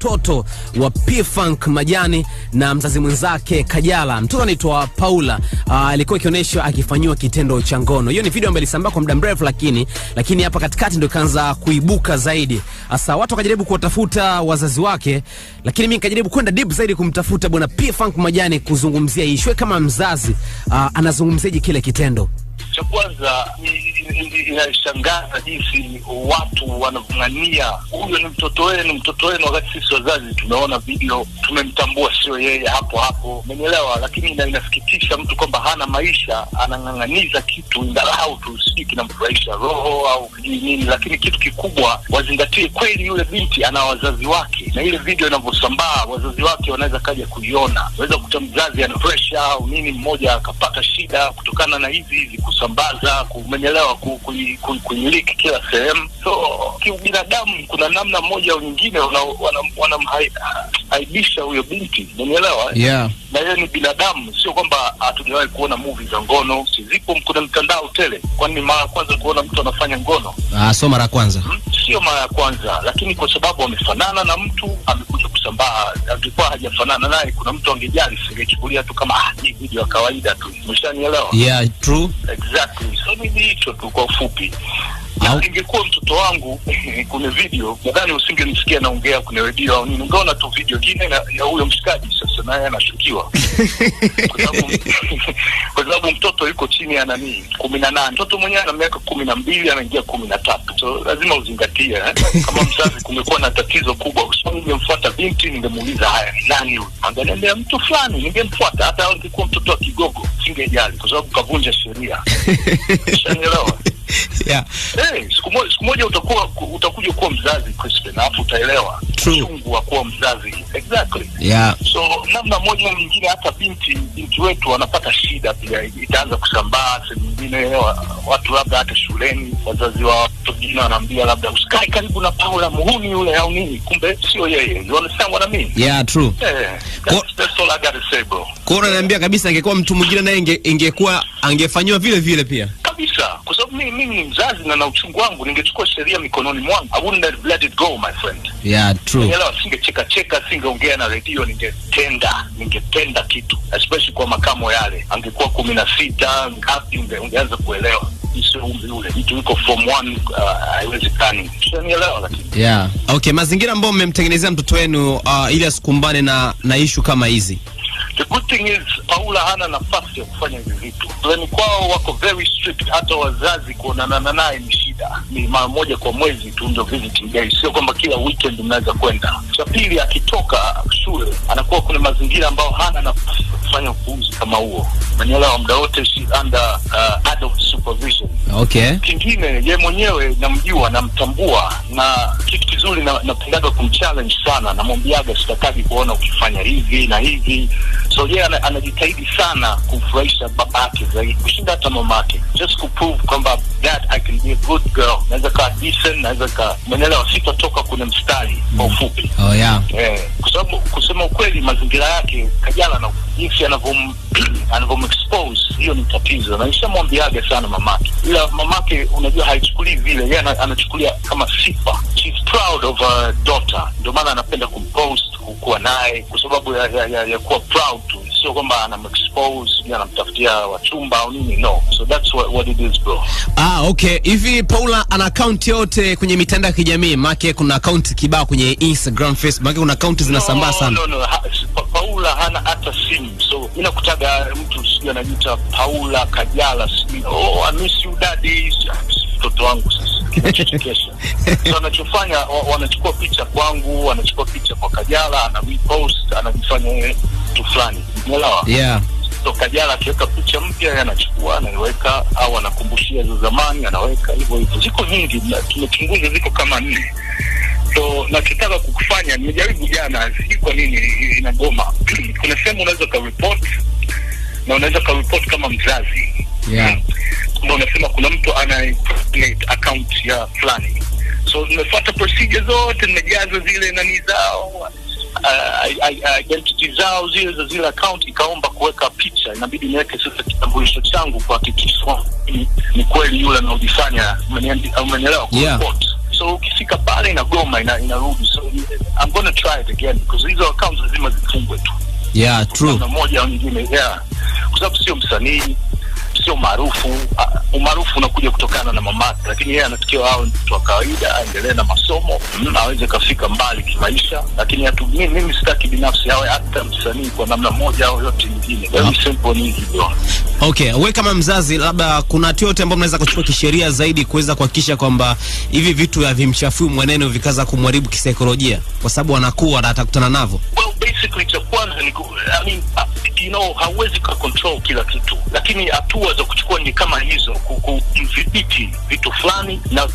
mtoto wa P Funk Majani na mzazi mwenzake Kajala. Mtoto anaitwa Paula ah, alikuwa ikionyeshwa akifanyiwa kitendo cha ngono. Hiyo ni video ambayo ilisambaa kwa muda mrefu, lakini lakini hapa katikati ndio ikaanza kuibuka zaidi. Sasa watu wakajaribu kuwatafuta wazazi wake, lakini mimi nikajaribu kwenda deep zaidi kumtafuta bwana P Funk Majani kuzungumzia ishwe kama mzazi ah, anazungumziaje kile kitendo cha kwanza inashangaza jinsi watu wanavung'ania, huyo ni mtoto wenu, mtoto wenu, wakati sisi wazazi tumeona video, tumemtambua sio yeye hapo hapo, umenielewa? Lakini ina, inasikitisha mtu kwamba hana maisha, anang'ang'aniza kitu ingalau tu sijui kinamfurahisha roho au sijui nini, lakini kitu kikubwa wazingatie kweli, yule binti ana wazazi wake na ile video inavyosambaa, wazazi wake wanaweza kaja kuiona. Unaweza kukuta mzazi ana pressure au nini, mmoja akapata shida kutokana na hizi hizi kusambaza, kumenyelewa, kuimiliki kila sehemu. So kiubinadamu, kuna namna moja au nyingine wanamhaibisha huyo binti, umenyelewa? Eh? Yeah. Na yeye ni binadamu, sio kwamba hatujawahi kuona movie za ngono, sizipo, kuna mtandao tele. Kwani mara kwanza kuona mtu anafanya ngono? Ah, so mara kwanza hmm? sio mara ya kwanza, lakini kwa sababu amefanana na mtu amekuja kusambaa. Angekuwa hajafanana naye, kuna mtu angejali, singechukulia tu kama ah, ni video ya kawaida tu. Umeshanielewa? Yeah, true, exactly. So ni hicho tu kwa ufupi au... ingekuwa mtoto wangu kwenye video, nadhani usingenisikia naongea kwenye redio au nini, ungeona tu video ingine ya huyo mshikaji. Sasa naye anashukiwa kwa sababu mtoto yuko chini ya nani, kumi na nane. Mtoto mwenyewe ana miaka kumi na mbili anaingia kumi na tatu, so lazima uzingatie eh? Kama mzazi kumekuwa na tatizo kubwa, ningemfuata binti, ningemuuliza haya, nani huyu? Angeniambia mtu fulani, ningemfuata hata angekuwa mtoto wa kigogo, singejali kwa sababu kavunja sheria. Ushaelewa? yeah. Hey, siku moja siku moja utakuwa utakuja kuwa mzazi Crispin, alafu utaelewa uchungu wa kuwa mzazi exactly. Yeah. So namna moja na nyingine, hata binti binti wetu wanapata shida pia, itaanza kusambaa sehemu nyingine, watu labda hata shuleni, wazazi wa watu wengine wanaambia labda usikae karibu na Paula, muhuni yule au nini, kumbe sio yeye. You understand what I mean? Yeah, true. Yeah, that's, that's all I got to say bro. Kwa unaniambia kabisa, angekuwa mtu mwingine naye ingekuwa angefanyiwa vile vile pia mimi ni mzazi na na uchungu wangu, ningechukua sheria mikononi mwangu, I wouldn't have let it go my friend. Yeah, true. Ningelewa, singecheka cheka, singeongea na redio, ningetenda ningetenda kitu, especially kwa makamo yale, angekuwa kumi na sita ngapi, ungeanza kuelewa uh, Yeah. Okay, mazingira ambayo mmemtengenezea mtoto wenu uh, ili asikumbane na na ishu kama hizi. The good thing is Paula hana nafasi ya kufanya hivi vitu. Ni yaani kwao wako very strict, hata wazazi kuonana naye ni shida. Ni mara moja kwa mwezi tu ndio visiting day, sio kwamba kila weekend mnaweza kwenda. Cha pili, akitoka shule anakuwa kuna mazingira ambayo hana nafasi ya kufanya ufuuzi kama huo, manyelewa Muda wote under uh, adults supervision. Okay. Kingine ye mwenyewe namjua, namtambua, na kitu kizuri napendaga na kumchallenge sana, namwambiaga sitakaji kuona ukifanya hivi na hivi, so ye anajitahidi sana kumfurahisha yake zaidi kushinda hata mamake, just kuprove kwamba that I can be a good girl, naweza kaa decent, naweza kaa mwenelewa, sitotoka kuna mstari kwa mm. ufupi. Oh, yeah. Eh, kwa sababu kusema ukweli mazingira yake Kajala na jinsi anavom anavom expose hiyo ni tatizo, na nishamwambiaga sana mamake, ila mamake unajua haichukulii vile, yeye anachukulia kama sifa. She's proud of her daughter, ndio maana anapenda kumpost, kuwa naye kwa sababu ya, ya, ya, ya kuwa proud tu, sio kwamba anamexpose, anamtafutia wachumba au nini, no so that's what it Ah, okay. Hivi Paula ana account yote kwenye mitandao ya kijamii? Maana kuna account kibao kwenye Instagram, Facebook, maana kuna account zinasambaa sana. No, no, ha, Paula hana hata simu. So inakutaga mtu sijui anajiita Paula Kajala Oh, I miss you daddy. Mtoto wangu sasa nachokesha. so anachofanya wanachukua picha kwangu, wanachukua picha kwa Kajala, ana repost, anajifanya eh, mtu fulani. Umeelewa? Yeah. Kristo Kajala akiweka picha mpya anachukua anaiweka, au anakumbushia za zamani anaweka hivyo hivyo. Ziko nyingi, tumechunguza ziko kama nne. So nachotaka kukufanya, nimejaribu jana, sijui kwa nini inagoma. Kuna sehemu unaweza ukaripoti na unaweza ukaripoti kama mzazi yeah. Ndio unasema kuna mtu ana account ya fulani, so nimefuata procedure zote, nimejaza zile nani zao Uh, uh, identity zao zile za zile account, ikaomba kuweka picha, inabidi niweke sasa kitambulisho changu kuhakikisha ni kweli yule anaojifanya, umenielewa? yeah. So ukifika pale inagoma, ina, inarudi. So I'm gonna try it again because hizo accounts lazima zifungwe tu, yeah true, moja au nyingine, yeah, kwa sababu sio msanii sio maarufu. Ah, umaarufu unakuja kutokana na mamake, lakini yeye anatakiwa hao mtu wa kawaida, aendelee na masomo mm, aweze kafika mbali kimaisha, lakini hatu, mimi sitaki binafsi awe hata msanii kwa namna moja au yote nyingine. Very ah. simple ni bwana. Okay, wewe kama mzazi, labda kuna hatua yote ambayo mnaweza kuchukua kisheria zaidi kuweza kuhakikisha kwamba hivi vitu havimchafui mwenendo vikaza kumharibu kisaikolojia, kwa sababu anakuwa na atakutana navyo. Well, basically cha kwanza ni I mean, ah, you know, hauwezi ka control kila kitu, lakini hatua za kuchukua ni kama hizo, kumdhibiti vitu fulani na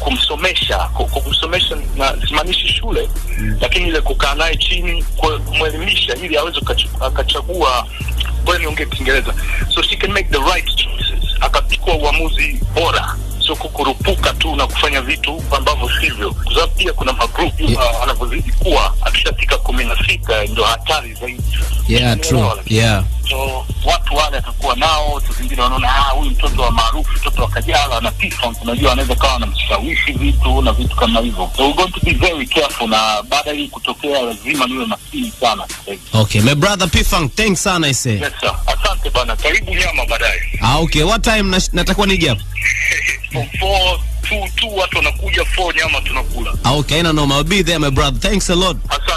kumsomesha. Kumsomesha na simamishi shule mm, lakini ile kukaa naye chini, kumwelimisha ili aweze akachagua bora niongee Kiingereza, so she can make the right choices, akachukua uamuzi bora so na kufanya vitu ambavyo sivyo, kwa sababu pia kuna magrupu yeah. Anavyozidi kuwa akishafika kumi na sita ndio hatari zaidi. Yeah, true. Yeah. So watu wale atakuwa nao tu, zingine wanaona ah, huyu mtoto wa maarufu, mtoto wa Kajala na pifon, unajua anaweza kawa anamshawishi vitu na vitu kama hivyo, so we going to be very careful, na baada hii kutokea lazima niwe makini sana. Okay, my brother Pifang, thanks sana ise. Yes sir, asante bana, karibu nyama baadaye. Ah, okay, what time natakuwa nije hapo? tu watu wanakuja fo nyama tunakula. Ah, okay, no no, be there my brother. Thanks a lot. As